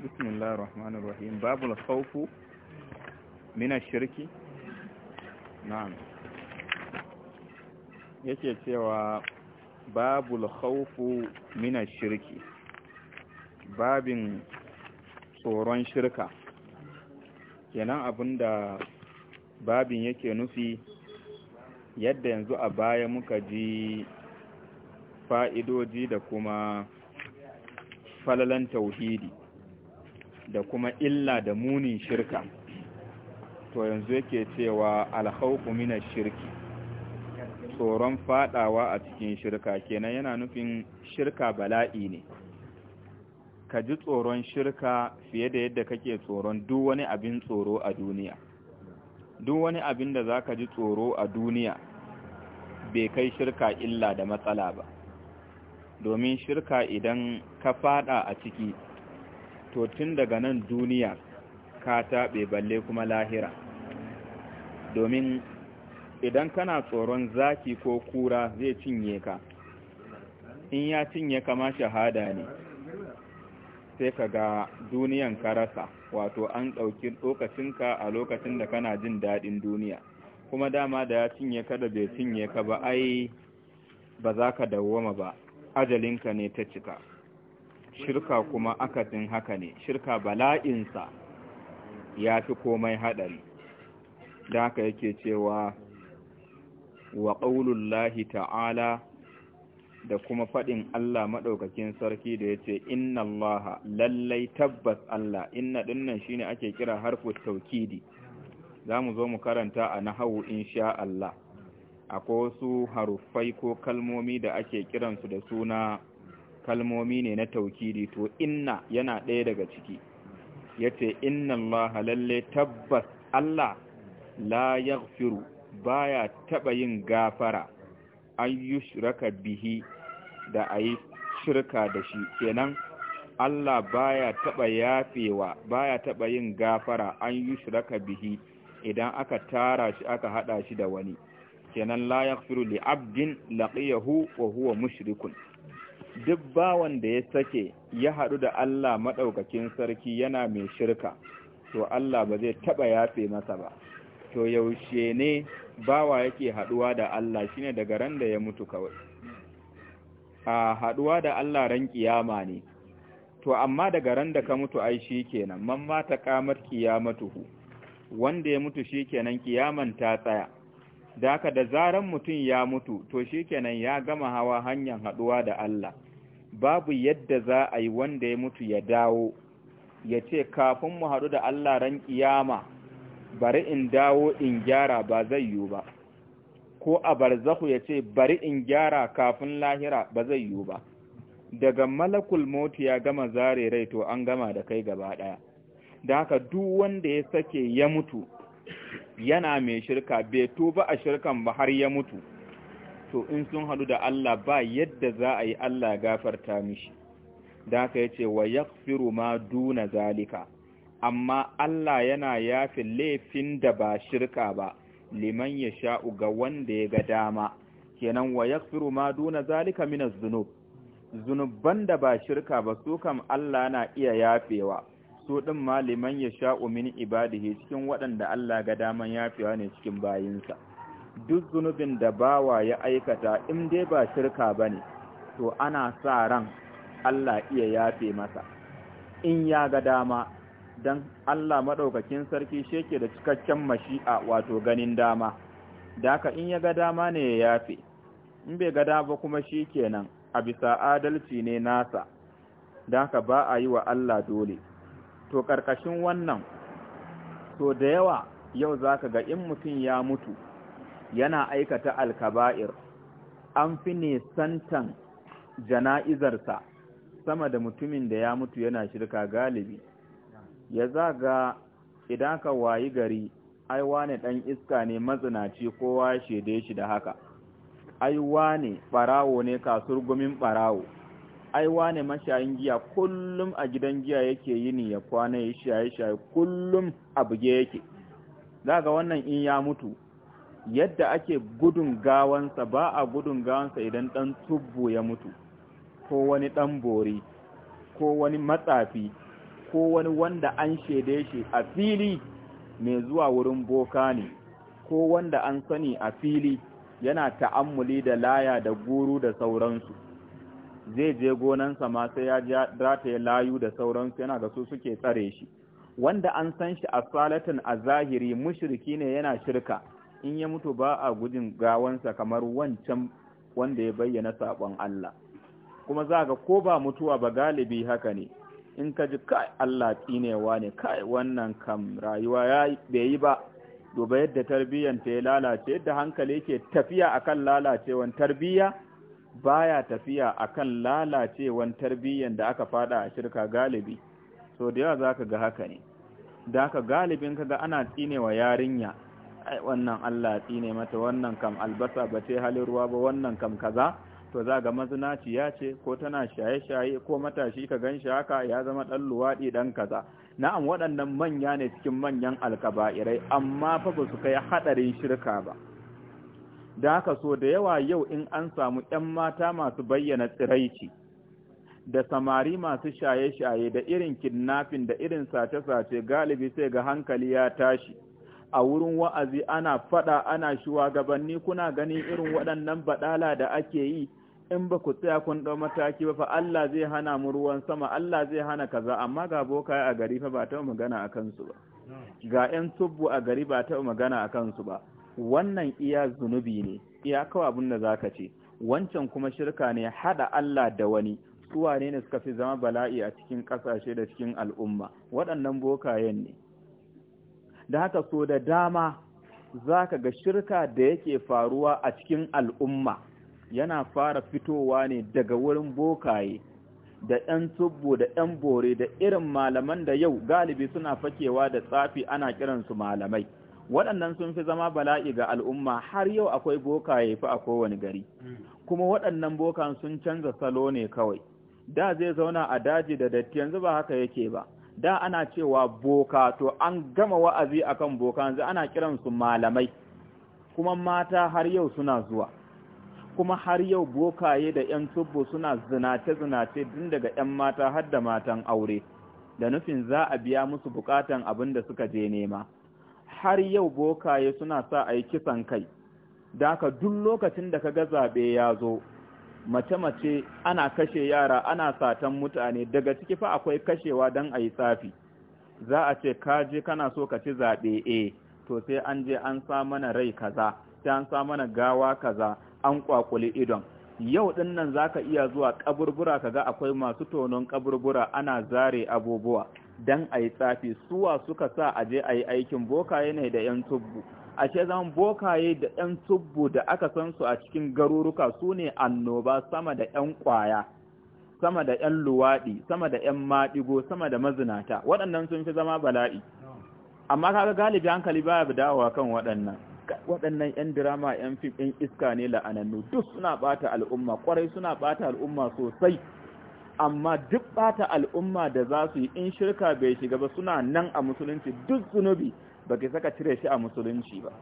بسم الله الرحمن الرحيم باب الخوف من الشرك نعم yake cewa babul khawfu min shirki babin tsoron shirka kenan abinda babin yake nufi yadda yanzu a baya muka ji fa'idodi da kuma falalan tauhidi da kuma illa da munin shirka to yanzu yake cewa alhauku mina shirki tsoron fadawa a cikin shirka kenan yana nufin shirka bala'i ne ka ji tsoron shirka fiye da yadda kake tsoron duk wani abin tsoro a duniya duk wani abin da za ka ji tsoro a duniya bai kai shirka illa da matsala ba domin shirka idan ka fada a ciki to tun daga nan duniya ka taɓe balle kuma lahira domin idan kana tsoron zaki ko kura zai cinye ka in ya cinye kama shahada ne sai ka ga duniyan karasa wato an ɗauki lokacinka a lokacin da kana jin daɗin duniya kuma dama da ya cinye ka da bai cinye ka ba ai ba za ka dawoma ba ajalinka ne ta cika shirka kuma akasin haka ne shirka bala'insa ya fi komai haɗari da haka yake cewa wa ƙaulullahi ta'ala da kuma faɗin Allah maɗaukakin sarki da ya ce inna Allah lallai tabbas Allah inna ɗinnan shi ne ake kira harfus taukidi za mu zo mu karanta a nahawu insha Allah akwai wasu haruffai ko kalmomi da ake kiransu da suna kalmomi ne na taukidi to inna yana ɗaya daga ciki yace inna Allah lalle tabbas Allah la yaghfiru baya taba yin gafara an shiraka bihi da ayi shirka da shi kenan Allah baya taba yafewa baya taɓa yin gafara an shiraka bihi idan aka tara shi aka hada shi da wani kenan la yaghfiru li abdin laqiyahu wa huwa mushrikun duk bawan da ya sake ya haɗu da Allah maɗaukakin sarki yana mai shirka to Allah ba zai taɓa yafe masa ba to yaushe ne bawa yake haɗuwa da Allah shi ne daga ran da ya mutu kawai a haɗuwa da Allah ran ƙiyama ne to amma daga ran da ka mutu ai shi kenan, man mata ƙamar kiyamatuhu wanda ya mutu shi kenan ƙiyaman ta tsaya da haka da zaran mutum ya mutu to shikenan ya gama hawa hanyar haɗuwa da Allah babu yadda za a yi wanda ya mutu ya dawo ya ce kafin mu haɗu da Allah ran kiyama bari in dawo in gyara ba zai yiwu ba ko a barzahu ya ce bari in gyara kafin lahira ba zai yiwu ba daga malakul moti ya gama zare rai to an gama da kai gaba ɗaya da haka duk wanda ya sake ya mutu yana mai shirka bai tuba a shirkan ba har ya mutu to in sun hadu da Allah ba yadda za a yi Allah gafarta mishi da haka yace wa yaghfiru ma duna zalika amma Allah yana yafi laifin da ba shirka ba liman ya sha'u ga wanda ya ga dama kenan wa yaghfiru ma duna zalika minaz zunub zunuban da ba shirka ba su kam Allah na iya yafewa so ɗin ma ya sha umin ibadihi cikin waɗanda Allah ga daman yafewa ne cikin bayinsa duk zunubin da bawa ya aikata in dai ba shirka ba ne to ana sa ran Allah iya yafe masa in ya ga dama don Allah maɗaukakin sarki sheke da cikakken mashi'a wato ganin dama daka in ya ga dama ne ya yafe in bai ga dama kuma shi kenan a bisa adalci ne nasa daka ba a yi wa Allah dole to ƙarƙashin wannan to da yawa yau za ka ga in mutum ya mutu yana aikata alkaba'ir an fi nisantan jana'izarsa sama da mutumin da ya mutu yana shirka galibi ya za ga, idan ka wayi gari ai wane dan iska ne matsinaci kowa ya shi da haka ai wane barawo ne kasurgumin barawo ai wane mashayin giya kullum a gidan giya yake yini ya kwana ya shaye shaye kullum a buge yake ga wannan in ya mutu yadda ake gudun gawansa ba a gudun gawansa idan dan tubbu ya mutu ko wani dan bori ko wani matsafi ko wani wanda an shaide shi a fili mai zuwa wurin boka ne ko wanda an sani a fili yana ta'ammuli da laya da guru da sauransu zai je gonansa ma sai ya rataye layu da sauransu yana ga su suke tsare shi wanda an san shi a salatin a zahiri mushriki ne yana shirka in ya mutu ba a gujin gawansa kamar wancan wanda ya bayyana saƙon Allah kuma za ga ko ba mutuwa ba galibi haka ne in ka ji kai Allah tsinewa ne kai wannan kam rayuwa ya bai yi ba duba yadda tarbiyyanta ya lalace yadda hankali yake tafiya akan lalacewan tarbiyya baya tafiya akan lalacewan tarbiyyar da aka fada a shirka galibi so da yawa zaka ga haka ne da haka galibin kaga ana tsinewa yarinya ai wannan Allah tsine mata wannan kam albasa ba ce halin ruwa ba wannan kam kaza to za ga ya ce ko tana shaye-shaye ko matashi ka gan shi haka ya zama ɗan luwaɗi ɗan kaza na'am waɗannan manya ne cikin manyan alkaba'irai amma fa ba su kai haɗarin shirka ba da haka so da yawa yau in an samu ‘yan mata masu bayyana tsiraici da samari masu shaye-shaye da irin kidnapping da irin sace-sace galibi sai ga hankali ya tashi a wurin wa'azi ana fada ana shugabanni kuna ganin irin waɗannan baɗala da ake yi in ba ku tsaya kun ɗau mataki ba fa Allah zai hana mu ruwan sama Allah zai hana kaza amma ga boka a gari fa ba ta magana a kansu ba ga 'yan tubbu a gari ba ta magana a kansu ba wannan iya zunubi ne iya kawai abin da zaka ce wancan kuma shirka ne hada Allah da wani suwa ne suka fi zama bala'i a cikin ƙasashe da cikin al'umma waɗannan bokayen ne da haka so da dama za ka ga shirka da yake faruwa a cikin al'umma yana fara fitowa ne daga wurin bokaye da 'yan tubbo da 'yan bore da irin malaman da yau galibi suna fakewa da tsafi ana kiransu malamai waɗannan sun fi zama bala'i ga al'umma har yau akwai bokaye fi a kowane gari hmm. kuma waɗannan bokan sun canza salo ne kawai da zai zauna a daji da datti yanzu ba haka yake ba da ana cewa boka to an gama wa'azi akan boka yanzu ana kiransu malamai kuma mata har yau suna zuwa kuma har yau bokaye da 'yan tubbo suna zinace-zinace din daga 'yan mata har da matan aure da nufin za a biya musu bukatan abin da suka je nema. har yau bokaye suna sa a yi kisan kai da aka duk lokacin da ka ga zaɓe ya zo mace-mace ana kashe yara ana satan mutane daga ciki fa akwai kashewa don a yi tsafi za a ce kaje kana so ka ci zaɓe e to sai an je an sa mana rai kaza sai an sa mana gawa kaza an kwakuli idon yau din nan ka iya zuwa kaburbura kaga akwai masu tonon kaburbura ana zare abubuwa dan a yi tsafi suwa suka sa a je a yi aikin bokaye ne da 'yan tubbu a ce zan bokaye da 'yan tubbu da aka san su a cikin garuruka su ne annoba sama da 'yan kwaya sama da 'yan luwaɗi sama da 'yan maɗigo sama da mazinata waɗannan sun fi zama bala'i amma kaga galibi hankali baya dawowa kan waɗannan waɗannan 'yan dirama 'yan fim 'yan iska ne la'anannu duk suna ɓata al'umma ƙwarai suna ɓata al'umma sosai amma duk bata al'umma da za su yi in shirka bai shiga ba suna nan a musulunci duk zunubi ba ka saka cire shi a musulunci ba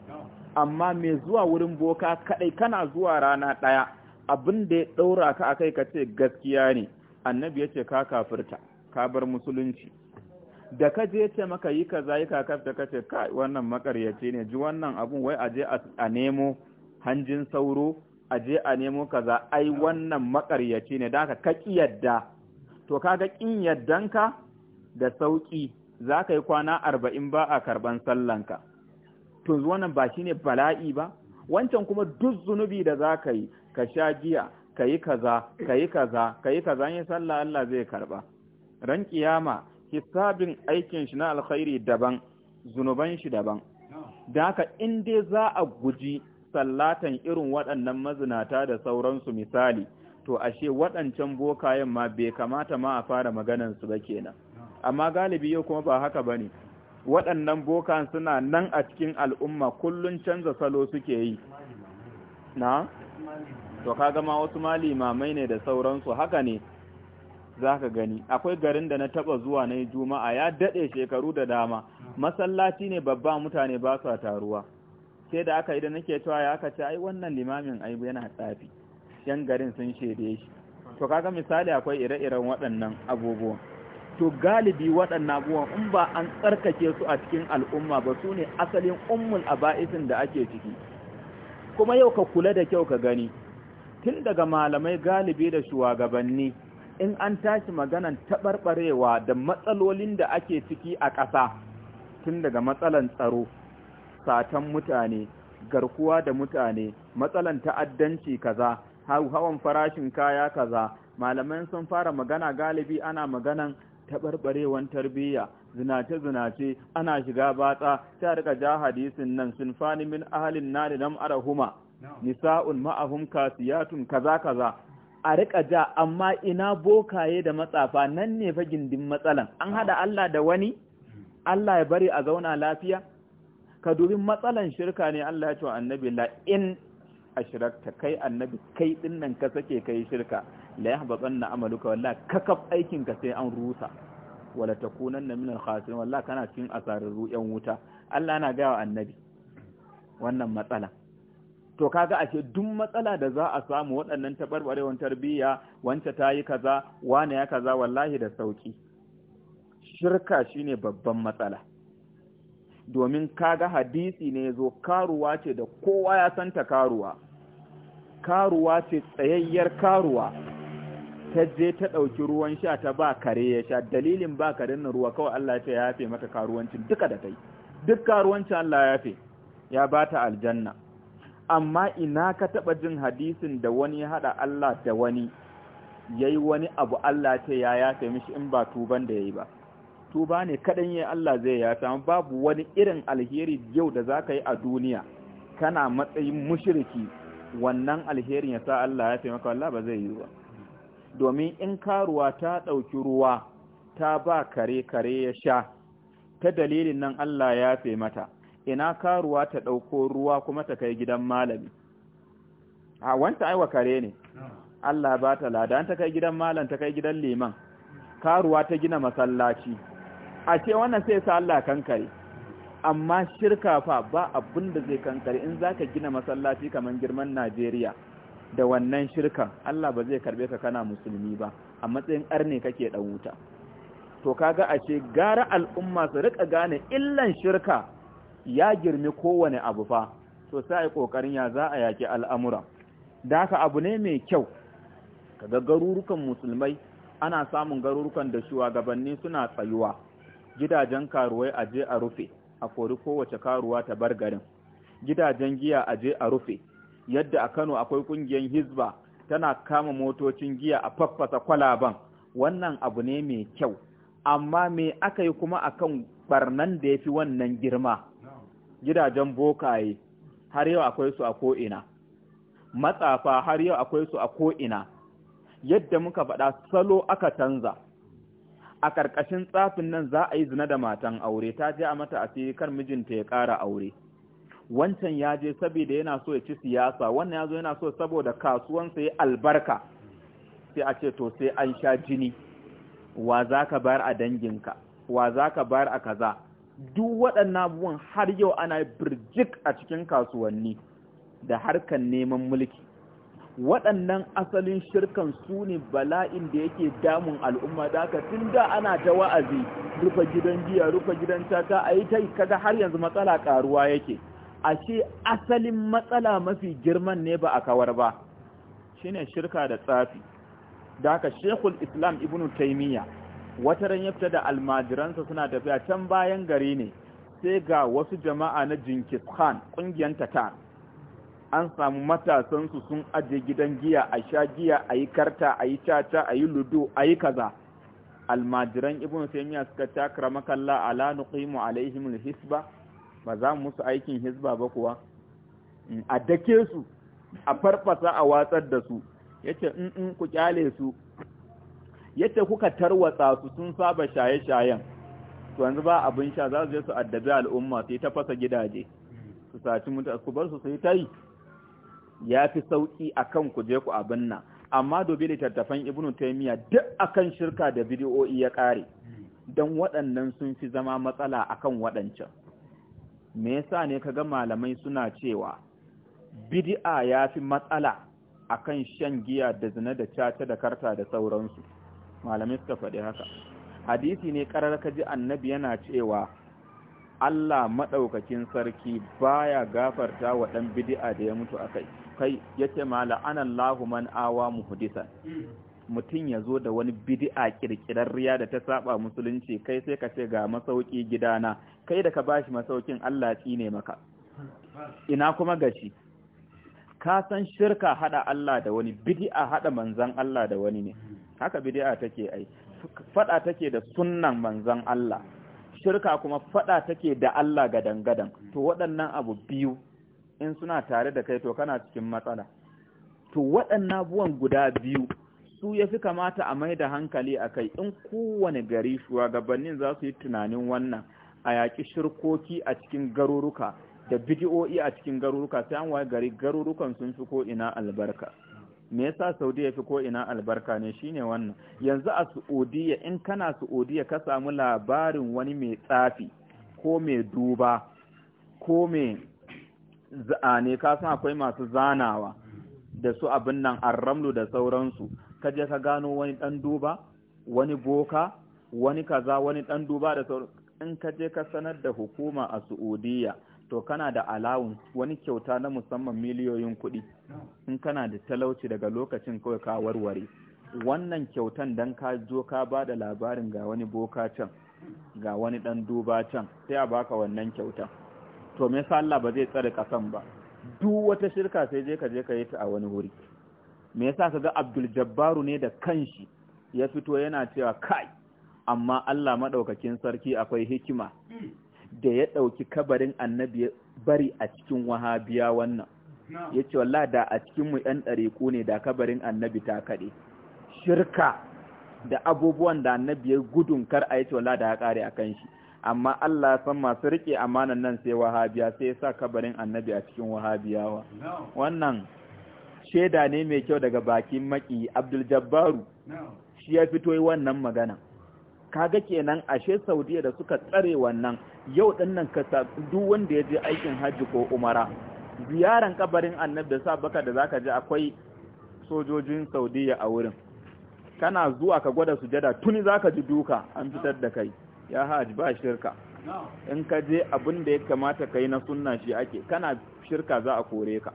amma mai zuwa wurin boka kadai kana zuwa rana daya abin da ya daura ka akai ka ce gaskiya ne annabi ya ce ka kafirta ka bar musulunci da ka je ce maka yi kaza yi kakafta ka ce kai wannan makaryaci ne ji wannan abun wai aje a nemo hanjin sauro a je a nemo kaza ai wannan makaryaci ne da ka ki yadda to kaga kin yaddanka da sauƙi za ka yi kwana arba'in ba a karban sallanka to wannan ba shine bala'i ba wancan kuma duk zunubi da za ka yi ka sha giya ka yi kaza ka yi kaza ka yi kaza yi sallah Allah zai karba ran kiyama hisabin aikin shi na alkhairi daban zunuban shi daban da haka in dai za a guji sallatan irin waɗannan mazinata da sauransu misali to ashe waɗancan bokayen ma bai kamata ma a fara maganansu ba kenan amma galibi yau kuma ba haka ba ne waɗannan boka suna nan a cikin al'umma kullun canza salo suke yi na to kaga ma wasu ma limamai ne da sauransu haka ne za ka gani akwai garin da na taɓa zuwa na yi juma'a ya daɗe shekaru da dama masallaci ne babba mutane ba sa taruwa sai da aka idan nake cewa ya aka ce ai wannan limamin ai yana tsafi yan garin sun shede shi to kaga misali akwai ire-iren waɗannan abubuwan to galibi waɗannan abubuwan in ba an tsarkake su a cikin al'umma ba su ne asalin ummul aba'isin da ake ciki kuma yau ka kula da kyau ka gani tun daga malamai galibi da shugabanni in an tashi maganan taɓarɓarewa da matsalolin da ake ciki a ƙasa tun daga matsalan tsaro satan mutane garkuwa da mutane matsalan ta'addanci kaza hawan farashin kaya kaza malaman sun fara magana galibi ana maganan taɓarɓarewan tarbiyya zinace-zinace ana shiga batsa ta rika ja hadisin nan sun fani min ahalin na da nam arahuma nisa'un ma'ahum kasiyatun kaza-kaza a rika ja amma ina bokaye da matsafa nan ne fa gindin matsalan an hada Allah da wani mm. Allah ya bari a zauna lafiya ka dubi matsalan shirka ne Allah ya ce wa annabi la in ashrakta kai annabi kai din nan ka sake kai shirka la yahbatanna amaluka wallahi kakaf aikin ka sai an rusa wala takunanna min al-khasirin wallahi kana cikin asararru yan wuta Allah na ga annabi wannan matsala to kaga ashe duk matsala da za a samu waɗannan tabarbarewan tarbiyya wance ta yi kaza wane ya kaza wallahi da sauki shirka shine babban matsala domin kaga hadisi ne zo karuwa ce da kowa ya santa karuwa karuwa ce tsayayyar karuwa ta je ta ɗauki ruwan sha ta ba kare ya sha dalilin ba ka na ruwa kawai Allah ya yafe mata karuwancin duka da kai duk karuwancin Allah ya yafe ya ba ta aljanna amma ina ka taɓa jin hadisin da wani ya haɗa Allah da wani yayi wani abu Allah ce ya yafe mishi in ba tuban da yayi ba tuba ne kaɗan yi Allah zai ya samu babu wani irin alheri yau da zaka yi a duniya kana matsayin mushriki wannan alherin ya sa Allah ya fi maka Allah ba zai yi ba domin in karuwa ta ɗauki ruwa ta ba kare kare ya sha ta dalilin nan Allah ya fi mata ina karuwa ta ɗauko ruwa kuma ta kai gidan malami a wanta aiwa kare ne Allah ba ta lada an ta kai gidan malam ta kai gidan liman karuwa ta gina masallaci a ce wannan sai sa Allah kankare amma shirka fa ba abin da zai kankare in zaka gina masallaci kaman girman Najeriya da wannan shirka Allah ba zai karbe ka kana musulmi ba a matsayin arne kake da wuta to kaga ce gara al'umma su rika gane illan shirka ya girmi kowane abu fa to sai kokarin ya za a yaki al'amura da haka abu ne mai kyau kaga garurukan musulmai ana samun garurukan da gabanni suna tsayuwa gidajen karuwai a je a rufe a kori kowace karuwa ta bar garin gidajen giya a je a rufe yadda a Kano akwai ƙungiyar Hizba tana kama motocin giya a faffasa kwalaban wannan abu ne mai kyau amma me aka yi kuma a akan barnan da ya fi wannan girma gidajen bokaye har yau akwai su a ko'ina matsafa har yau akwai su a ko'ina yadda muka faɗa salo aka canza a ƙarƙashin tsafin nan za a yi zina da matan aure ta je a mata a kar mijinta ya ƙara aure wancan ya je saboda yana so ya ci siyasa wannan ya zo yana so saboda kasuwansa ya albarka sai a ce to sai an sha jini wa za ka bayar a danginka wa za ka bayar a kaza duk waɗannan abubuwan har yau ana birjik a cikin kasuwanni da harkar neman mulki waɗannan asalin shirkan su ne bala'in da yake damun al'umma da aka tun da ana ta wa'azi rufe gidan giya, rufe gidan tata a yi ta kaga har yanzu matsala karuwa yake ashe asalin matsala mafi girman ne ba a kawar ba shi ne shirka da tsafi da aka shekul islam ibn taimiyya wata ran yabta da almajiransa suna tafiya can bayan gari ne sai ga wasu jama'a na jinkis khan ƙungiyar tatar an samu matasansu sun aje gidan giya a sha giya a yi karta a yi caca a yi ludo a yi kaza almajiran ibn taymiya suka takara makalla ala nuqimu alaihim alhisba ba za mu musu aikin hisba ba kuwa mm, a dake su a farfasa a watsar da su yace in mm, in mm, ku kyale su yace kuka tarwatsa su sun saba shaye-shayen to yanzu ba abin sha za su je su addabi al'umma sai ta fasa gidaje su saci mutu ku bar su sai ta yi ya fi sauƙi a kan ku je ku abin nan amma dobi littattafan ibnu taimiyya duk akan shirka da bidiyo'i ya ƙare don waɗannan sun fi zama matsala a kan waɗancan me yasa ne ka ga malamai suna cewa bidi'a ya fi matsala a kan shan giya da zina da caca da karta da sauransu malamai suka faɗi haka hadisi ne ƙarar ka ji annabi yana cewa Allah maɗaukakin sarki baya gafarta wa ɗan bidi'a da ya mutu a kai. munafukai yace ma la'anan lahuman man awa muhdisa mutum ya zo da wani bid'a kirkirarriya da ta saba musulunci kai sai ka ce ga masauki gidana kai da ka bashi masaukin Allah tsine maka ina kuma gashi ka san shirka hada Allah da wani bid'a hada manzan Allah da wani ne haka bid'a take ai fada take da sunnan manzan Allah shirka kuma fada take da Allah gadan gadan to waɗannan abu biyu in suna tare da kai to kana cikin matsala to waɗannan buwan guda biyu su ya fi kamata a mai da hankali a kai in kowane gari shugabannin za su yi tunanin wannan a yaƙi shirkoki a cikin garuruka da bidiyo'i a cikin garuruka sai an waye gari garurukan sun fi ko ina albarka me yasa saudi ya fi ko ina albarka ne shine wannan yanzu a su'udiyya in kana su'udiyya ka samu labarin wani mai tsafi ko mai duba ko mai zane ka san akwai masu zanawa da su abin nan arramlu da sauransu ka je ka gano wani dan duba wani boka wani kaza wani dan duba da sauransu in ka je ka sanar da hukuma a Su'udiyya to kana da alawun wani kyauta na musamman miliyoyin kuɗi in kana da talauci daga lokacin kawai ka warware wannan kyautan dan ka zo ka ba da labarin ga wani boka can ga wani dan duba can sai a baka wannan kyautan to me yasa Allah ba zai tsare kasan ba duk wata shirka sai je ka je ka yi ta a wani wuri me yasa ka Abdul Jabbaru ne da kanshi ya fito yana cewa kai amma Allah madaukakin sarki akwai hikima da ya dauki kabarin annabi bari a cikin wahabiya wannan yace wallahi da a cikin mu ɗan ɗariku ne da kabarin annabi ta kaɗe shirka da abubuwan da annabi ya gudun kar a yace wallahi da ya kare akan shi amma Allah ya san masu rike amanan nan sai wahabiya sai ya sa kabarin annabi a cikin wahabiyawa wannan shaida ne mai kyau daga bakin maki Abdul Jabbaru shi ya fito yi wannan magana kaga kenan ashe Saudiya da suka tsare wannan yau nan ka duk wanda ya je aikin hajji ko umara ziyaran kabarin annabi da sa baka da zaka ji akwai sojojin Saudiya a wurin kana zuwa ka gwada sujada tuni zaka ji duka an fitar da kai ya haji ba shirka in ka je abin da ya kamata ka yi na sunna shi ake kana shirka za a kore ka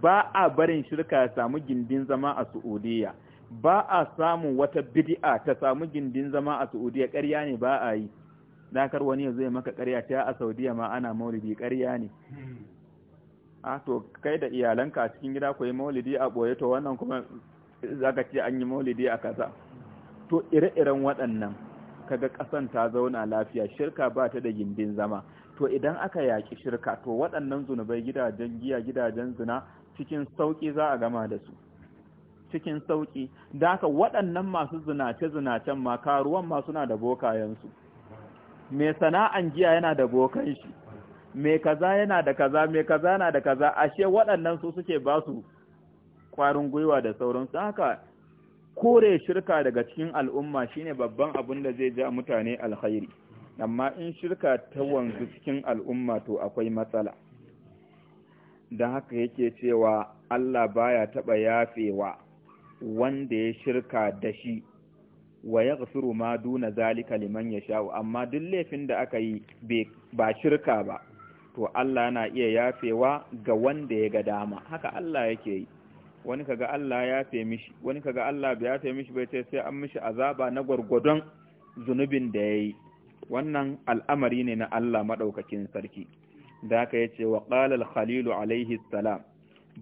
ba a barin shirka ya samu gindin zama a su'udiyya ba a samun wata bid'a ta samu gindin zama a su'udiyya ƙarya ne ba a yi dakar wani zai maka ƙarya ta a saudiya ma ana maulidi ƙarya ne a to kai da iyalanka a cikin gida ku yi maulidi a ɓoye to wannan kuma zaka ce an yi maulidi a kasa to ire-iren waɗannan kaga ƙasan ta zauna lafiya shirka ba ta da gindin zama to idan aka yaƙi shirka to waɗannan zunubai gidajen giya gidajen zina cikin sauƙi za a gama da su cikin sauƙi da haka waɗannan masu zinace-zinacen ma karuwan ma suna da bokayensu mai sana'an giya yana da bokan shi mai kaza yana da kaza mai kaza yana da kaza ashe waɗannan su suke ba su ƙwarin gwiwa da sauransu haka kore shirka daga cikin al'umma shine babban abin da zai ja mutane alkhairi amma in shirka ta wanzu cikin al'umma to akwai matsala da haka yake cewa Allah baya taɓa yafewa wanda ya shirka da shi wa ya ma duna zalika liman ya sha'u amma duk laifin da aka yi ba shirka ba to Allah na iya yafewa ga wanda ya ga dama haka Allah yake yi wani kaga Allah ya fe mishi wani kaga Allah bai ya fe mishi bai sai an mishi azaba na gwargwadon zunubin da yayi wannan al'amari ne na Allah madaukakin sarki da ya yace wa qala al-khalil alaihi salam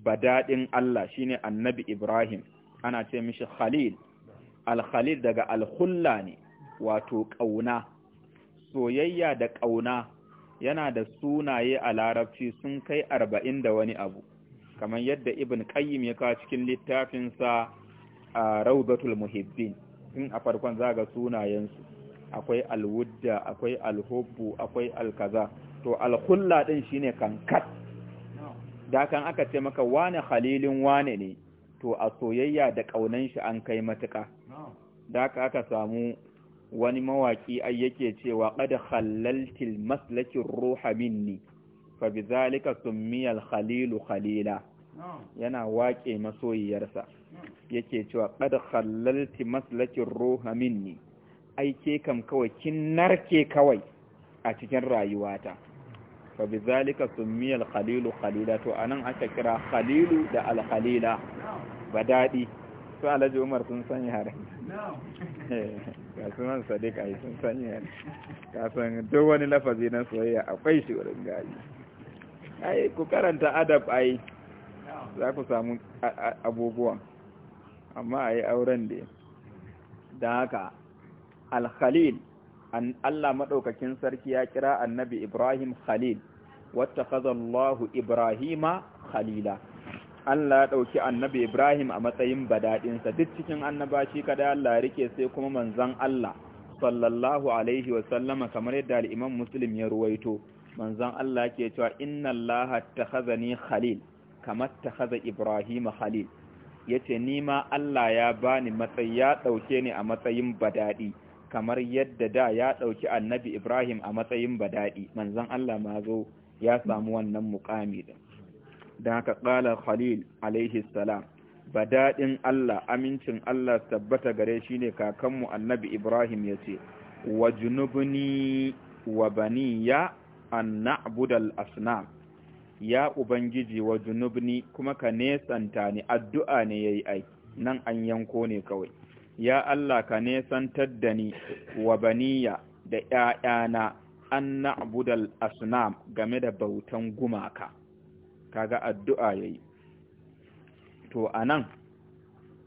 badadin Allah shine annabi Ibrahim ana ce mishi khalil al-khalil daga al-khulla ne wato ƙauna. soyayya da ƙauna yana da sunaye a larabci sun kai arba'in da wani abu kamar yadda ibn qayyim ya kawo cikin littafinsa a rawdatul muhibbin in a farkon zaga sunayensu akwai alwudda akwai alhubbu akwai alkaza to alkhulla din shine kankat da kan aka ce maka wane khalilin wane ne to a soyayya da kaunan shi an kai matuka da ka aka samu wani mawaki ai yake cewa qad khallaltil maslakin ruha minni fa bi zalika summiyal khalilu khalila yana waƙe masoyiyarsa yake cewa qad khallalti maslakin ruha minni aike kam kawai kin narke kawai a cikin rayuwata fa bi zalika al khalilu khalila to anan aka kira khalilu da al khalila badadi su alhaji umar sun san yare ga sunan sadiq ai sun san ka san duk wani lafazi na soyayya akwai shi wurin gari ai ku karanta adab ai za ku samu abubuwa amma ai auren da da haka al-khalil an Allah madaukakin sarki ya kira annabi Ibrahim khalil wattakhadha Allahu Ibrahima khalila Allah ya ɗauki annabi Ibrahim a matsayin badaɗinsa duk cikin annabashi kada Allah rike sai kuma manzan Allah sallallahu alaihi sallama kamar yadda al'imam Muslim ya ruwaito manzon Allah ke cewa inna Allah ni khalil kamar haza Ibrahim khalil yace ni ma Allah ya bani matsayi ya dauke ni a matsayin badaɗi kamar yadda da ya ɗauki annabi Ibrahim a matsayin badaɗi manzan Allah ma zo ya samu wannan muqami din dan haka qala khalil alaihi salam Allah amincin Allah tabbata gare shi ne kakanmu annabi Ibrahim yace wajnubni wa baniya an na'budal asnam ya ubangiji wa junubni kuma ka nesanta ni addu'a ne yayi ai nan an yanko ne kawai ya Allah ka nesantar da ni wa baniya da ƴaƴana an na'budal asnam game da bautan gumaka kaga addu'a yayi to anan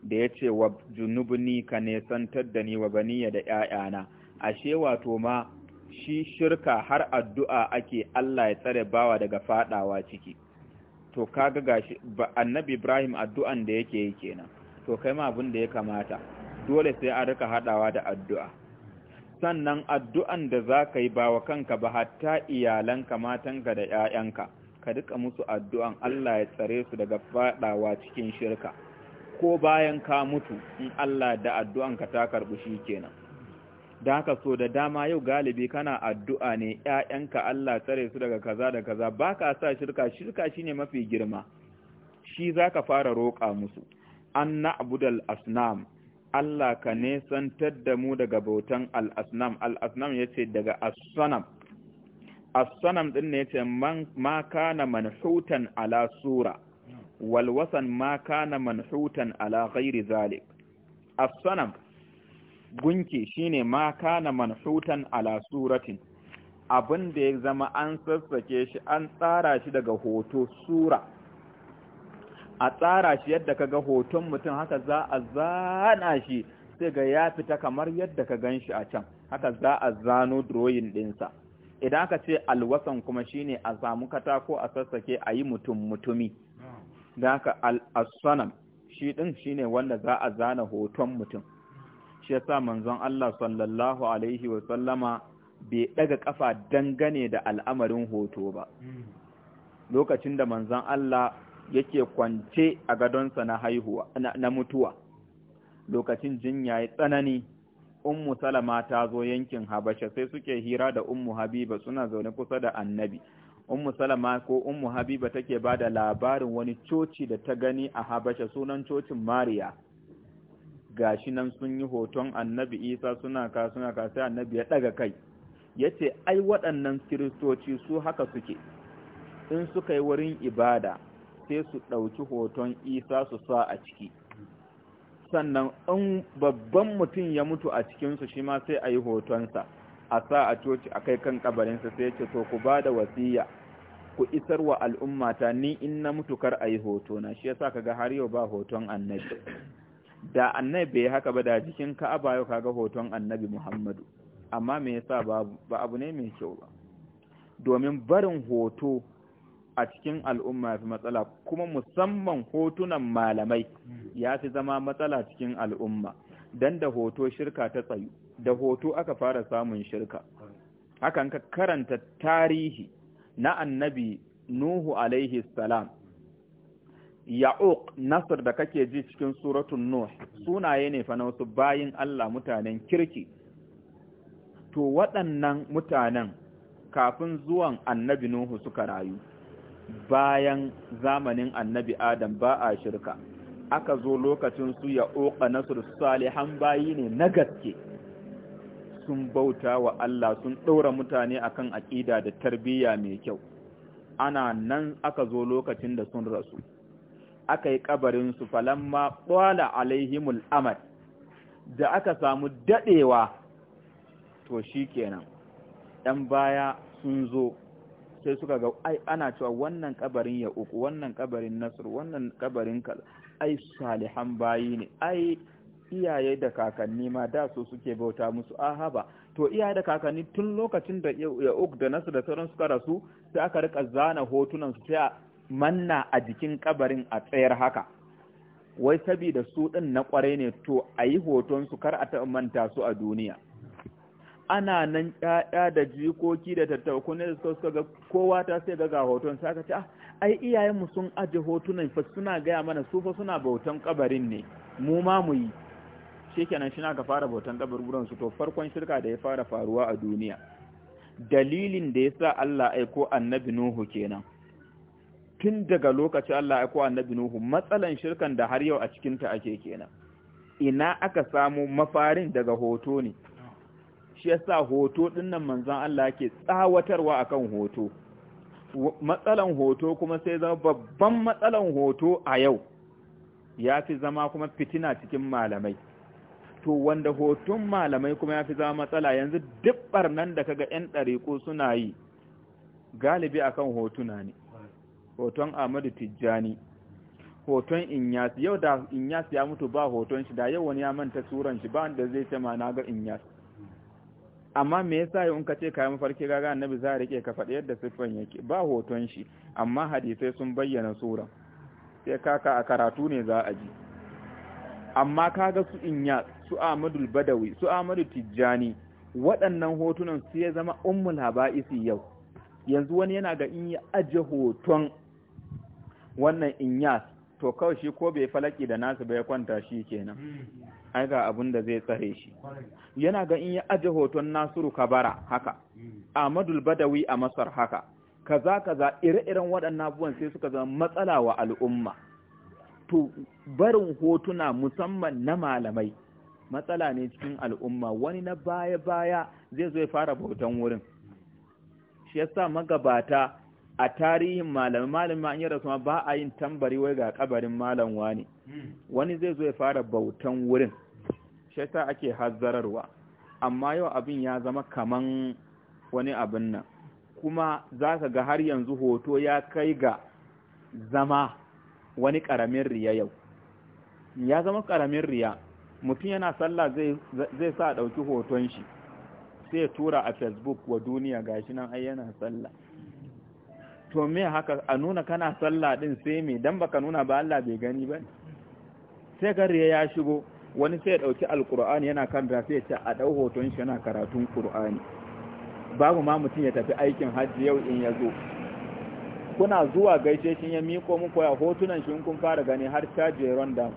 da yace wa junubni ka nesantar da ni wa baniya da ƴaƴana ashe wato ma shi shirka har addu'a ake Allah ya tsare bawa daga fadawa ciki to kaga gashi annabi Ibrahim addu'an da yake yi kenan to kai ma abin da ya kamata dole sai an rika haɗawa da addu'a sannan addu'an da za ka yi bawa kanka ba hatta iyalanka matanka da ‘ya'yanka ka rika musu addu'an Allah ya tsare su daga fadawa cikin shirka ko bayan ka mutu in Allah da addu'an ka ta karɓi shi kenan don haka so da dama yau galibi kana addu'a ne ‘ya'yanka Allah tsare su daga kaza da kaza baka sa shirka shirka shine mafi girma shi zaka fara roƙa musu an na'budal asnam Allah ka nesantar da mu daga bautan al'asnam al'asnam asnam yace daga assanam assanam ɗin ne yace man ma kana manhutan ala sura walwasan ma kana manhutan ala ghairi zalik assanam gunki shine ma kana manhutan ala suratin abin da ya zama an sassake shi an tsara shi daga hoto sura a tsara shi yadda kaga hoton mutum haka za a zana shi sai ga ya fita kamar yadda ka gan shi a can haka za a zano drawing ɗinsa idan ka ce alwasan kuma shine a samu katako a sassake a yi mutum mutumi da haka al-sanam shi ɗin shine wanda za a zana hoton mutum shi yasa manzon Allah sallallahu alaihi wa sallama bai daga kafa dangane da al'amarin hoto ba lokacin da manzon Allah yake kwance a gadonsa na haihuwa na, mutuwa lokacin jinya ya tsanani ummu salama ta zo yankin habasha sai suke hira da ummu habiba suna zaune kusa da annabi ummu salama ko ummu habiba take ba da labarin wani coci da ta gani a habasha sunan cocin mariya gashi nan sun yi hoton annabi isa suna ka suna ka sai annabi ya daga kai ya ce ai waɗannan kiristoci su haka suke in suka yi wurin ibada sai su ɗauki hoton isa su sa a ciki sannan in babban mutum ya mutu a cikinsu shi ma sai a yi hotonsa a sa a coci a kai kan kabarinsa sai ce to ku ba da wasiya ku isar wa al'ummata ni in na mutu kar a yi hotona shi yasa kaga har yau ba hoton annabi da annabi bai haka ba da jikin ka'aba yau kaga hoton annabi muhammadu amma me yasa ba abu ne mai kyau ba domin barin hoto a cikin al'umma fi matsala kuma musamman hotunan malamai ya fi zama matsala cikin al'umma dan da hoto shirka ta tsayu da hoto aka fara samun shirka hakan ka karanta tarihi na annabi nuhu alaihi salam ya'uq Nasir da kake ji cikin suratun nuh sunaye ne fa na wasu bayin Allah mutanen kirki to waɗannan mutanen kafin zuwan annabi nuhu suka rayu bayan zamanin annabi adam ba a shirka aka zo lokacin su ya'uq nasr salihan bayi ne na gaske sun bauta wa Allah sun ɗaura mutane akan aƙida da tarbiyya mai kyau ana nan aka zo lokacin da sun rasu aka yi falon ma ƙwala alaihimul amad da aka samu daɗewa to shi kenan ɗan baya sun zo sai suka ga ai ana cewa wannan kabarin ya uku wannan kabarin Nasiru wannan kabarin kal ai salihan bayi ne ai iyaye da kakanni ma da su suke bauta musu ahaba to iyaye da kakanni tun lokacin da ya uku da Nasiru da sauran suka rasu sai aka rika zana hotunan su sai manna a jikin kabarin a tsayar haka wai sabida su ɗin na ƙwarai ne to a yi hotonsu kar a taɓa manta su a duniya ana nan 'ya'ya da jikoki da tattakunan da suka ga kowa ta sai ga hoton ka ce ah, ai iyayenmu sun aje hotunan fa suna gaya mana su fa suna bautan kabarin ne mu ma mu yi shikenan shi ka fara bautan kabarin su to farkon shirka da ya fara faruwa a duniya dalilin da ya sa Allah aiko annabi Nuhu kenan tun daga lokaci Allah ya kowa annabi Nuhu matsalan shirkan da har yau a cikinta ake kenan ina aka samu mafarin daga hoto ne shi yasa hoto dinnan manzon Allah yake tsawatarwa akan hoto matsalan hoto kuma sai zama babban matsalan hoto a yau ya fi zama kuma fitina cikin malamai to wanda hoton malamai kuma ya fi zama matsala yanzu duk barnan da kaga 'yan ɗariƙo suna yi galibi akan hotuna ne hoton Ahmadu Tijjani hoton Inyas yau da Inyas ya mutu ba hoton shi da yau wani ya manta suran shi ba wanda zai ce ma na ga Inyas amma me yasa yau in ka ce kai mafarki gaga annabi za a rike ka faɗi yadda siffan yake ba hoton shi amma hadisai sun bayyana suran sai kaka a karatu ne za a ji amma kaga su Inyas su Ahmadu Badawi su Ahmadu Tijjani waɗannan hotunan su ya zama ummul haba'isi yau yanzu wani yana ga in ya aje hoton wannan inyas to kawai shi ko bai falaki da nasu bai kwanta shi kenan hmm. ai ga abin da zai tsare shi yana ga in ya aje hoton Nasiru Kabara haka hmm. amadul Badawi a Masar haka kaza kaza ire-iren waɗannan abubuwan sai suka zama matsala wa al'umma to barin hotuna musamman na malamai matsala ne cikin al'umma wani na baya-baya zai zo ya fara bautan wurin shi yasa magabata a tarihin malamin malamin ma an yi rasuwa ba a yin tambari wai ga kabarin malam wani hmm. wani zai zo ya fara bautan wurin shi ake hazzararwa amma yau abin ya zama kaman wani abin nan kuma za ka ga har yanzu hoto ya kai ga zama wani karamin riya yau ya zama karamin riya mutum yana sallah zai sa ɗauki hoton shi sai ya tura a facebook wa duniya gashi nan ai yana sallah to me haka a nuna kana sallah din sai me dan baka nuna ba Allah bai gani ba sai gare ya shigo wani sai ya dauki alqur'ani yana kan da sai ya ce a dau hoton shi yana karatun qur'ani babu ma mutum ya tafi aikin hajji yau in ya zo kuna zuwa gaishe shi ya miko muku ya hotunan shi kun fara gani har caje ronda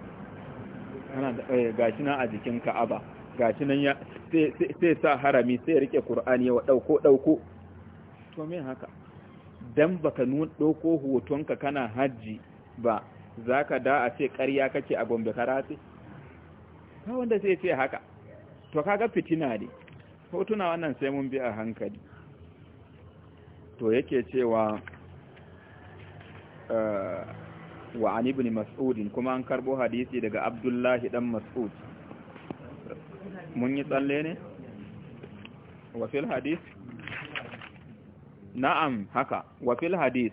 ana eh, gashi nan a jikin ka'aba gashi nan ya sai sa harami sai rike qur'ani ya dauko dauko to me haka dan baka ɗauko hotonka kana hajji ba za ka da a ce ƙarya kake a gombe karate ta wanda sai ce haka to kaga fitina ne hotuna wannan sai mun bi a hankali to yake cewa eh, wa an ibn mas'udin kuma an karbo hadisi daga abdullahi dan mas'ud mun yi tsalle ne wa hadisi na'am haka wa fil hadith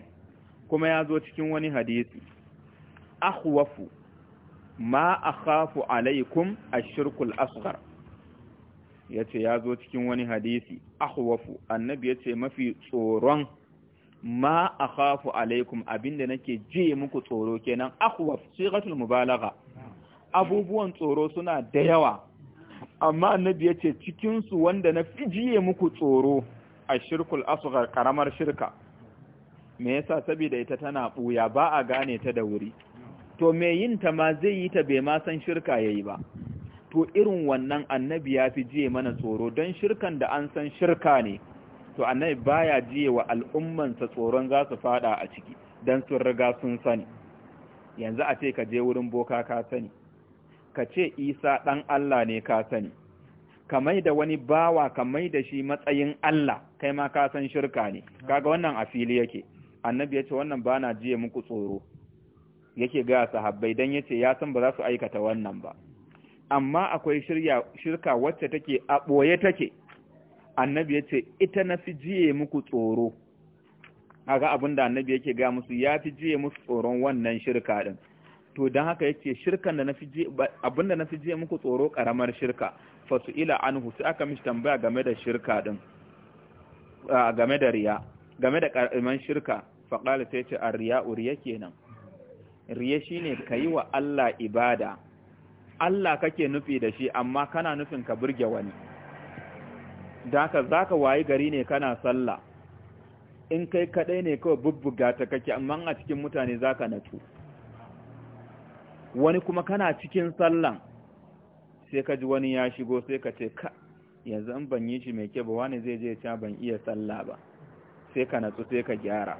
kuma ya zo cikin wani hadisi akhwafu ma akhafu alaikum ashirkul asghar yace ya zo cikin wani hadisi akhwafu annabi yace mafi tsoron ma akhafu alaikum abinda nake je muku tsoro kenan akhwaf sighatul mubalagha abubuwan tsoro suna da yawa amma annabi yace cikin su wanda na fijiye muku tsoro ashirkul asghar karamar shirka me yasa saboda ita tana buya ba a gane ta da wuri to me yin ta ma zai yi ta bai ma san shirka yayi ba to irin wannan annabi ya fi jiye mana tsoro don shirkan da an san shirka ne to annabi baya jiye wa al'ummansa tsoron za su fada a ciki don sun riga sun sani yanzu a ce ka je wurin boka ka sani ka ce isa ɗan Allah ne ka sani ka mai da wani bawa ka mai da shi matsayin Allah kai ma ka san shirka ne kaga wannan a fili yake annabi yace wannan ba na jiye muku tsoro yake ga sahabbai dan yace ya san ba za su aikata wannan ba amma akwai shirya shirka wacce take a boye take annabi yace ita na fi jiye muku tsoro kaga abinda annabi yake ga musu ya fi jiye musu tsoron wannan shirka din to don haka yace shirkan da nafi je abinda nafi je muku tsoro karamar shirka fasu ila anhu sai aka mishi tambaya game da shirka din game da riya game da ƙarƙamin shirka faƙala sai ce a riya yake nan. riya shine ka yi wa Allah ibada Allah kake nufi da shi amma kana nufin ka burge wani Da daka zaka wayi gari ne kana sallah in kai kaɗai ne kawai bubbuga ta kake amma a cikin mutane zaka natu wani kuma kana cikin sallan sai ka ji wani ya shigo sai ka ce yanzu in ban yi shi mai kyau ba wani zai je ya ban iya sallah ba sai ka natsu sai ka gyara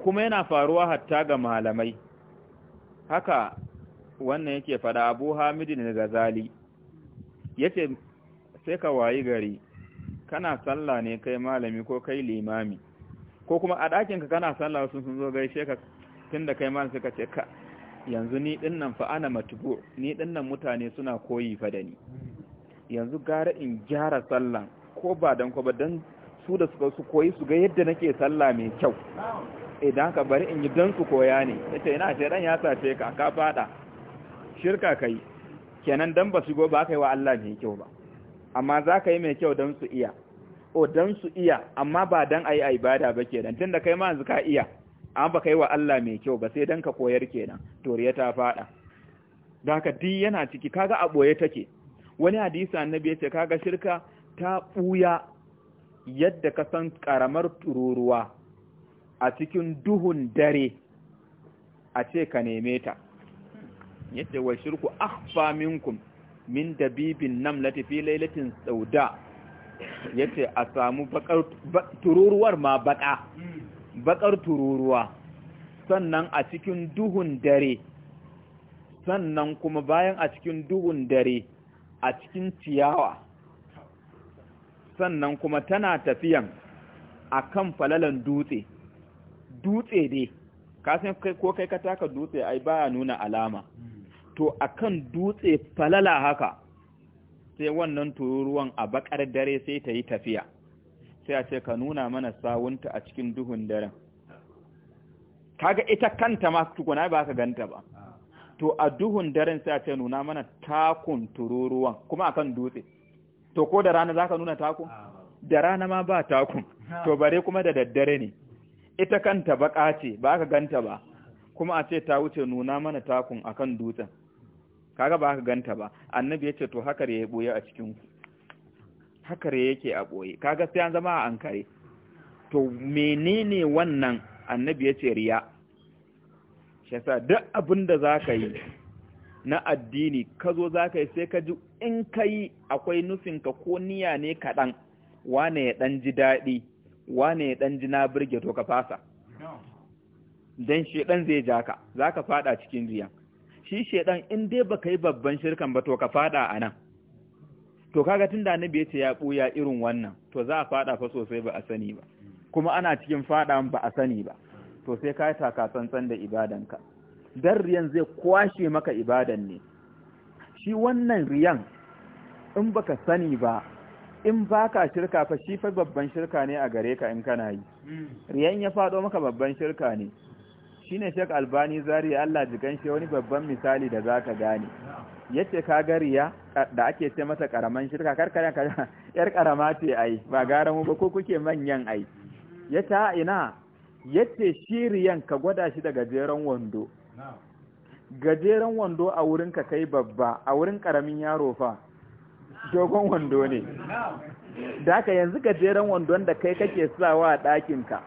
kuma yana faruwa hatta ga malamai haka wannan yake fada abu hamidin gazali yace sai ka wayi gari kana sallah ne kai malami ko kai limami ko kuma a ɗakinka kana sallah sun sun zo gaishe ka da kai malami suka ce ka yanzu ni dinnan fa matubu ni dinnan mutane suna koyi fa da ni yanzu gara in gyara sallah ko ba dan ko ba dan su da suka su koyi su ga yadda nake sallah mai kyau idan ka bari in yi dan su koya ne yace ina ce dan ya sace ka ka fada shirka kai kenan dan ba shigo ba kai wa Allah mai kyau ba amma za ka yi mai kyau dan su iya o dan su iya amma ba dan yi a ibada ba kenan da kai ma yanzu ka iya amma ba kai wa Allah mai kyau ba sai dan ka koyar kenan to riya ta fada da haka di yana ciki kaga a boye take wani hadisi annabi ya ce kaga shirka ta buya yadda ka san karamar tururuwa a cikin duhun dare a ce ka neme ta yace wa shirku akhfa minkum min dabibin namlati fi lailatin sauda yace a samu bakar tururuwar ma baka bakar tururuwa sannan a cikin duhun dare sannan kuma bayan a cikin duhun dare a cikin ciyawa sannan kuma tana tafiyan a kan falalan dutse dutse dai kasan ko kai ka taka dutse ai baya nuna alama to a kan dutse falala haka sai wannan tururuwan a bakar dare sai ta yi tafiya sai a ce ka nuna mana sawunta a cikin duhun daren kaga ita kanta ma tukuna ba ka ganta ba to a duhun daren sai a ce nuna mana takun tururuwan kuma akan dutse to ko da rana zaka nuna takun da rana ma ba takun to bare kuma da daddare ne ita kanta baka ce ba ka ganta ba kuma a ce ta wuce nuna mana takun akan dutsen kaga ba ka ganta ba annabi ce to hakar ya boye a cikin ku hakar yake a boye kaga sai an zama a ankare to menene wannan annabi ce riya shasa duk abin da za ka yi na addini ka zo za ka yi sai ka ji in ka yi akwai nufinka ko niya ne kaɗan wane ya ɗan ji daɗi wane ya ɗan ji na birge to ka fasa don ɗan zai ja ka za ka fada cikin riyan, shi ɗan in dai baka yi babban shirkan ba to ka fada a nan to kaga tun da annabi yace ya ɓuya irin wannan to za a fada fa sosai ba a sani ba kuma ana cikin faɗa ba a sani ba to sai ka yi takatsantsan da ibadanka dan riyan zai kwashe maka ibadan ne shi wannan riyan in baka sani ba in baka shirka fa shi fa babban shirka ne a gare ka in kana yi hmm. riyan ya fado maka babban shirka ne shine Sheikh Albani Zari Allah ji shi wani babban misali da zaka gane yace ka ga riya da ake ce mata karaman shirka karkara yar karama ce ai ba gara mu ba ko kuke manyan ai yata ina yace shiriyan ka gwada shi da gajeren wando gajeren wando a wurin ka kai babba a wurin karamin yaro fa dogon wando ne da haka yanzu gajeren wando da kai kake sawa a ka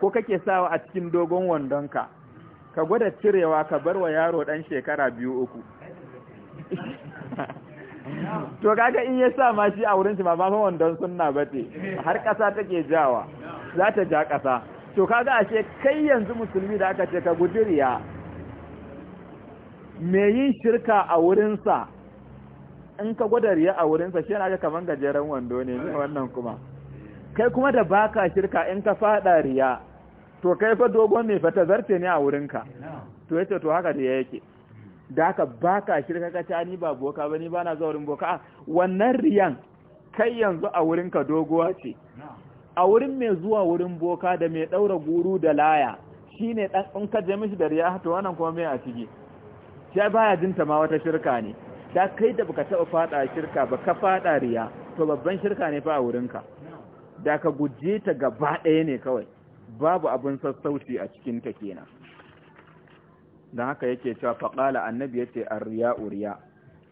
ko kake sawa a cikin dogon wandon ka ka gwada cirewa ka bar wa yaro dan shekara biyu uku to kaga in ya sa ma shi a wurin shi ba ma wandon sunna bace har ƙasa take jawa za ta ja ƙasa to kaga ashe kai yanzu musulmi da aka ce ka guji riya me yin shirka a wurinsa in ka gwada riya a wurinsa shi yana kaman gajeren wando ne ne wannan kuma kai kuma da baka shirka in ka fada riya to kai fa dogon ne fa zarce ne a wurinka to yace to haka da yake da haka baka shirka ka ta ni ba boka bane ba na zaurin boka wannan riyan kai yanzu a wurinka doguwa ce a wurin mai zuwa wurin boka da mai ɗaura guru da laya shine ne ɗan in ka je mishi da riya ah, to wannan kuma mai a ciki shi baya jinta ma wata shirka ne da kai da baka taɓa faɗa shirka ba ka fada riya to babban shirka ne fa a wurinka da ka guje ta gaba ɗaya ne kawai babu abin sassauci a cikin ta kenan dan haka yake cewa faqala annabi yace ar-riya uriya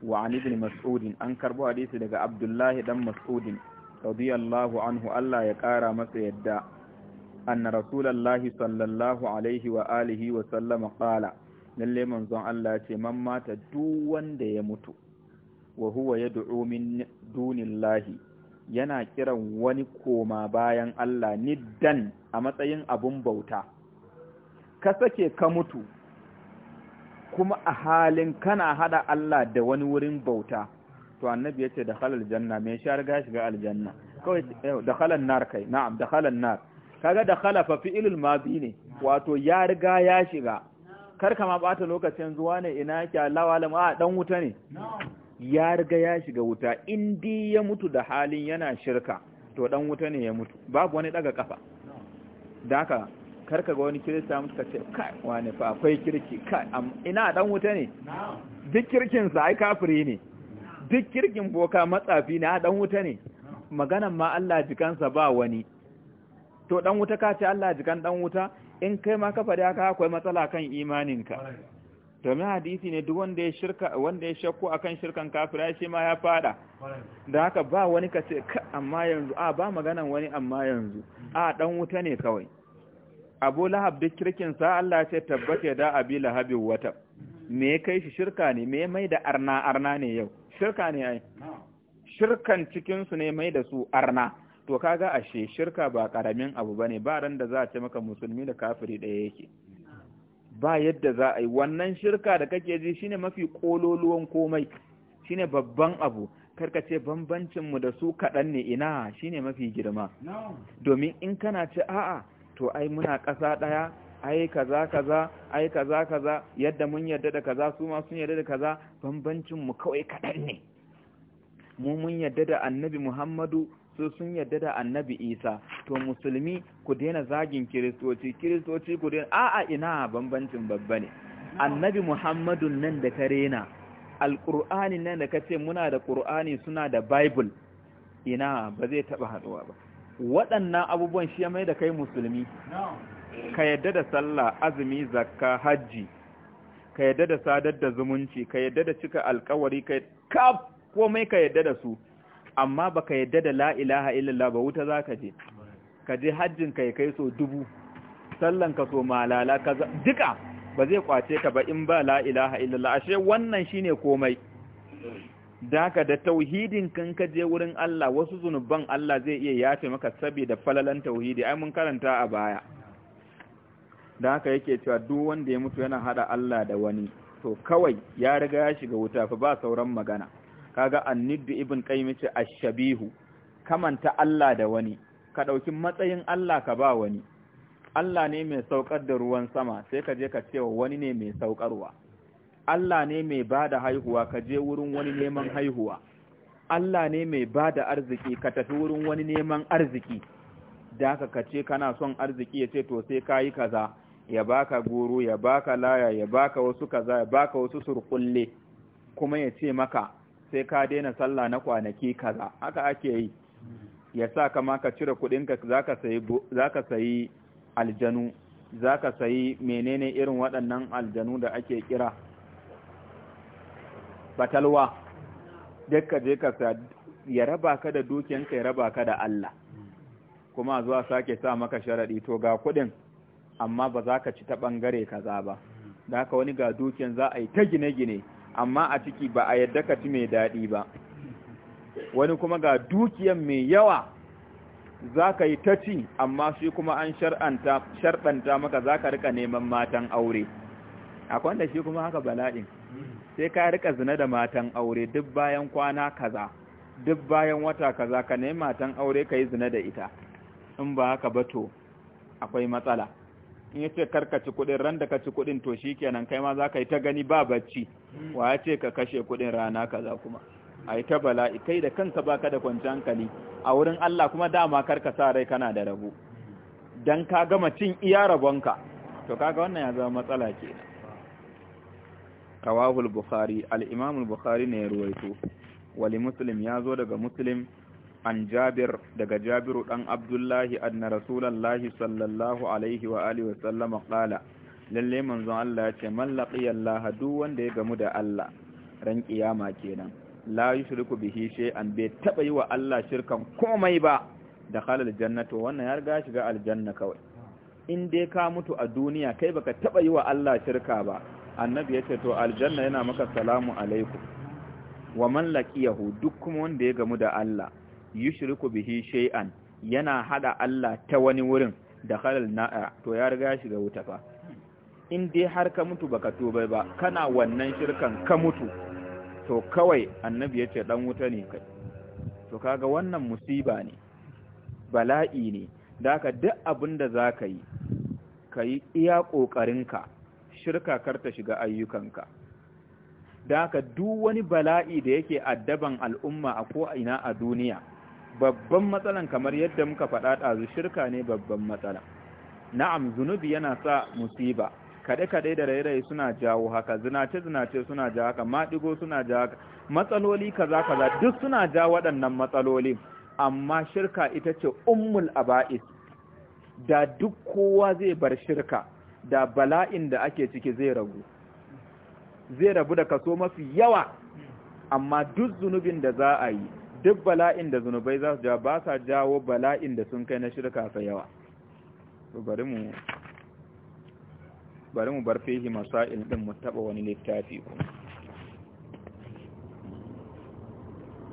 wa an ibn mas'ud an karbo hadisi daga abdullahi dan Mas'udin. radiyallahu anhu Allah ya ƙara masa yadda anna rasulullahi sallallahu alaihi wa alihi wa sallama qala lalle manzon Allah ce man mata duk wanda ya mutu wa huwa yad'u min dunillahi yana kiran wani koma bayan Allah niddan a matsayin abun bauta ka sake ka mutu kuma a halin kana hada Allah da wani wurin bauta to annabi yace da halal janna mai sha riga shiga aljanna kawai eh, da halan nar kai na'am da halan nar kaga da khala fa fi'ilul madi ne wato ya riga ya shiga kar ma bata lokacin zuwa ne ina ki Allahu alam a dan wuta ne ya riga ya shiga wuta in ya mutu da halin yana shirka to dan wuta ne ya mutu babu wani daga kafa daka haka kar kaga wani kirista mutu kace kai wani fa akwai kirki kai ina dan wuta ne duk kirkin sa ai kafiri ne duk kirkin boka matsafi na ah, dan wuta ne maganan ma Allah jikansa ba wani to dan wuta ka ce Allah jikan dan wuta in kai ma ka faɗi haka akwai matsala kan imaninka domin hadisi ne duk wanda ya shirka wanda ya shakku akan shirkan kafira shi ma ya fada da haka ba wani ka ce amma yanzu a ah, ba maganan wani amma yanzu a ah, dan wuta ne kawai abu lahab duk kirkin sa Allah ce tabbata da abi Lahab wata me kai shi shirka ne me mai da arna arna ne yau shirka ne ai shirkan cikinsu ne mai da su arna to kaga ashe shirka ba karamin abu bane ba ran da za a ce maka musulmi da kafiri ɗaya yake ba yadda za a yi wannan shirka da kake ji shine mafi kololuwan komai shine babban abu karka ce bambancin mu da su kadan ne ina shine mafi girma domin in kana ce a'a to ai muna ƙasa ɗaya ai kaza kaza ai kaza kaza yadda mun yadda da kaza su ma sun yadda da kaza bambancin mu kawai kadan ne mu mun yadda da annabi Muhammadu su sun yadda da annabi Isa to musulmi ku daina zagin kiristoci kiristoci ku daina a'a ina bambancin babba ne annabi Muhammadu nan da ka rena alqur'ani nan da kace muna da qur'ani suna da bible ina ba zai taba haduwa ba waɗannan abubuwan shi ya mai da kai musulmi ka yadda da sallah azumi zakka hajji ka yadda da sadar da zumunci ka yadda da cika alkawari ka kaf komai ka yadda da su amma baka yadda da la ilaha illallah ba wuta zaka je ka je hajjin ka kai so dubu sallan ka so malala ka duka ba zai kwace ka ba in ba la ilaha illallah ashe wannan shine komai daka da tauhidin kan ka je wurin Allah wasu zunuban Allah zai iya yafe maka saboda falalan tauhidi ai mun karanta a baya da haka yake cewa duk wanda ya mutu yana hada Allah da wani to kawai ya riga ya shiga wuta fa ba sauran magana kaga annid ibn qayyim ce ash-shabihu kamanta Allah da wani ka dauki matsayin Allah ka ba wani Allah ne mai saukar da ruwan sama sai ka je ka ce wani ne mai saukarwa Allah ne mai bada haihuwa ka je wurin wani neman haihuwa Allah ne mai bada arziki ka tafi wurin wani neman arziki da haka ka ce kana son arziki ya ce to sai kayi kaza ya baka goro ya baka laya ya baka wasu kaza ya baka wasu surkulle kuma ya ce maka sai ka daina sallah na kwanaki kaza haka ake yi ya sa kama ka cire kudinka za ka sayi aljanu za sayi menene irin waɗannan aljanu da ake kira batalwa dukka je ka sa ya raba ka da dukiyanka ya raba ka da Allah kuma zuwa sake sa maka sharaɗi to ga kudin amma ba za ka ci ta ɓangare kaza ba da haka wani ga dukiyan za a yi ta gine-gine amma a ciki ba a yadda ka ci mai daɗi ba wani kuma ga dukiyan mai yawa za ka yi ta ci amma shi kuma an sharɗanta maka za ka rika neman matan aure akwai kwanda shi kuma haka bala'in sai ka rika zina da matan aure duk bayan kwana kaza duk bayan wata kaza ka nemi matan aure ka yi zina da ita in ba haka ba to akwai matsala in yace ci kudin ran da ka ci kudin to shikenan kai ma zaka yi ta gani ba bacci wa yace ka kashe kudin rana kaza kuma ai ta bala'i kai da kanka baka da kwanciyar hankali a wurin Allah kuma dama karka sa rai kana da rabo dan ka gama cin iya rabonka to kaga wannan ya zama matsala ke. rawahul bukhari al-imam al-bukhari ne ya ruwaito wali muslim ya zo daga muslim an jabir daga jabiru dan abdullahi anna rasulallahi sallallahu alaihi wa alihi wa sallama qala lalle manzon Allah ya ce man duk wanda ya gamu da Allah ran kiyama kenan la yushriku bihi shay'an bai taba yi wa Allah shirkan komai ba da khalal jannatu wannan ya riga shiga aljanna kawai in dai ka mutu a duniya kai baka taba yi wa Allah shirka ba annabi ya ce to aljanna yana maka salamu alaikum wa man laqiyahu duk kuma wanda ya gamu da Allah yushriku bihi shay'an yana hada Allah ta wani wurin da halal na'a to ya riga shiga wuta fa in dai har ka mutu baka tobe ba kana wannan shirkan ka mutu to kawai annabi ya ce dan wuta ne kai to kaga wannan musiba ne bala'i ne daka duk abin da za ka yi ka iya ƙoƙarinka shirka karta shiga ayyukanka daka duk wani bala'i da yake addaban al'umma a ko ina a duniya babban matsalan kamar yadda muka faɗa ɗazu shirka ne babban matsala na'am zunubi yana sa musiba kaɗe-kaɗe da rairayi suna jawo haka zinace-zinace suna jawo haka maɗigo suna jawo haka matsaloli kaza-kaza duk suna ja waɗannan matsaloli amma shirka ita ce ummul aba'is da duk kowa zai bar shirka da bala'in da ake ciki zai ragu zai rabu da kaso mafi yawa amma duk zunubin da za a yi duk bala'in da zunubai za su ja ba sa jawo bala'in da sun kai na shirka sa yawa bari mu bari mu bar fihi masail din mu taba wani littafi kuma